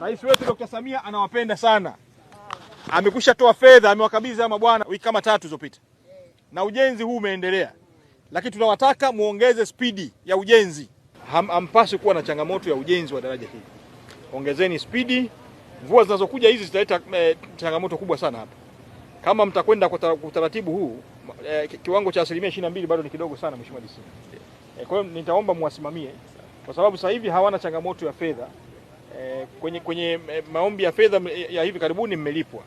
Rais wetu Dr. Samia anawapenda sana, amekusha toa fedha, amewakabidhi hawa mabwana wiki kama tatu zilizopita, na ujenzi huu umeendelea, lakini tunawataka muongeze spidi ya ujenzi. Ham, hampaswi kuwa na changamoto ya ujenzi wa daraja hili, ongezeni spidi. Mvua zinazokuja hizi zitaleta e, changamoto kubwa sana hapa. Kama mtakwenda kwa utaratibu huu e, kiwango cha asilimia ishirini na mbili bado ni kidogo sana, mheshimiwa DC. Eh, kwa hiyo nitaomba muwasimamie, kwa sababu sasa hivi hawana changamoto ya fedha. Eh, kwenye, kwenye eh, maombi ya fedha ya hivi karibuni mmelipwa.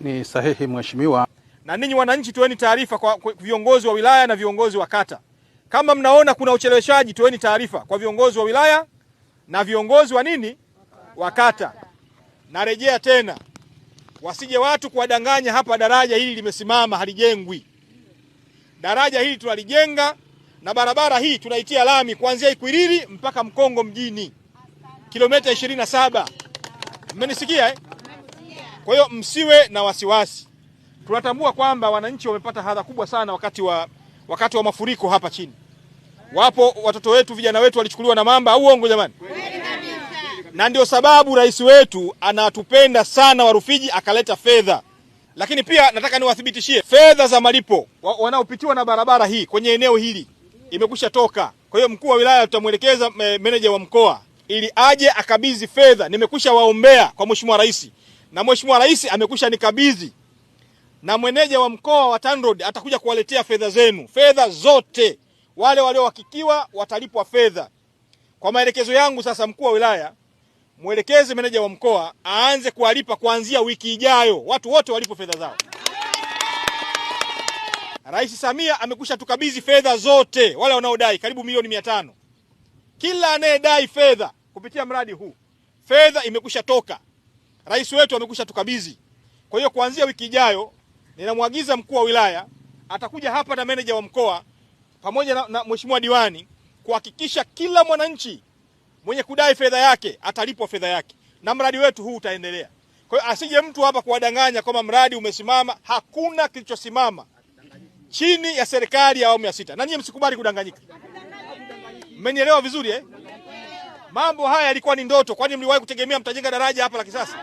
Ni sahihi mheshimiwa. Na ninyi wananchi, toeni taarifa kwa viongozi wa wilaya na viongozi wa kata, kama mnaona kuna ucheleweshaji, toeni taarifa kwa viongozi wa wilaya na viongozi wa nini wa kata. Narejea tena, wasije watu kuwadanganya hapa, daraja hili limesimama halijengwi. Daraja hili tunalijenga na barabara hii tunaitia lami kuanzia Ikwiriri mpaka Mkongo mjini kilomita 27. Mmenisikia eh? Kwa hiyo msiwe na wasiwasi, tunatambua kwamba wananchi wamepata hadha kubwa sana wakati wa, wakati wa mafuriko hapa chini. Wapo watoto wetu, vijana wetu walichukuliwa na mamba, au uongo jamani? Na ndio sababu rais wetu anatupenda sana Warufiji, akaleta fedha. Lakini pia nataka niwathibitishie fedha za malipo wanaopitiwa na barabara hii kwenye eneo hili imekusha toka. Kwa hiyo mkuu wa wilaya tutamwelekeza eh, meneja wa mkoa ili aje akabidhi fedha. Nimekwisha waombea kwa Mheshimiwa Rais na Mheshimiwa Rais amekwisha nikabidhi, na mweneja wa mkoa wa TANROADS atakuja kuwaletea fedha zenu, fedha zote. Wale waliohakikiwa watalipwa fedha. Kwa maelekezo yangu sasa, mkuu wa wilaya mwelekeze meneja wa mkoa aanze kuwalipa kuanzia wiki ijayo, watu wote walipo fedha zao. Rais Samia amekwisha tukabidhi fedha zote, wale wanaodai karibu milioni mia tano. Kila anayedai fedha kupitia mradi huu fedha imekwisha toka, rais wetu amekwisha tukabidhi. Kwa hiyo kuanzia wiki ijayo ninamwagiza mkuu wa wilaya atakuja hapa na meneja wa mkoa pamoja na, na mheshimiwa diwani kuhakikisha kila mwananchi mwenye kudai fedha yake atalipwa fedha yake, na mradi wetu huu utaendelea. Kwa hiyo asije mtu hapa kuwadanganya kwamba mradi umesimama. Hakuna kilichosimama chini ya serikali ya awamu ya sita, na nyie msikubali kudanganyika. Mmenielewa vizuri eh? Mambo haya yalikuwa ni ndoto, kwani mliwahi kutegemea mtajenga daraja hapa la kisasa?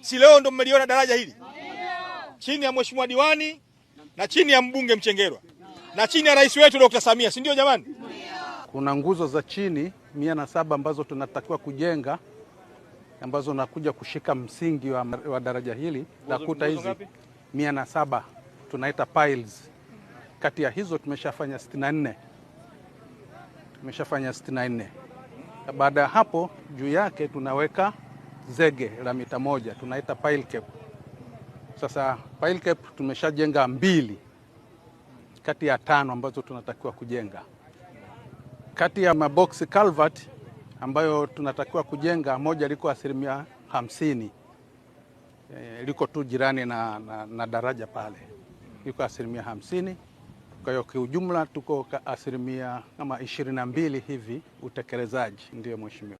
Si leo ndo mmeliona daraja hili chini ya mheshimiwa diwani na chini ya mbunge Mchengerwa na chini ya rais wetu Dr. Samia, si ndio jamani? Kuna nguzo za chini mia na saba ambazo tunatakiwa kujenga ambazo nakuja kushika msingi wa, wa daraja hili la kuta hizi mia na saba tunaita piles. Kati ya hizo tumeshafanya 64 tumeshafanya 64. Baada ya hapo, juu yake tunaweka zege la mita moja, tunaita pile cap. Sasa pile cap tumeshajenga mbili kati ya tano ambazo tunatakiwa kujenga. Kati ya mabox culvert ambayo tunatakiwa kujenga, moja liko asilimia hamsini, e, liko tu jirani na, na, na daraja pale, liko asilimia hamsini. Kwa hiyo kiujumla tuko asilimia kama ishirini na mbili hivi utekelezaji. Ndiyo mheshimiwa.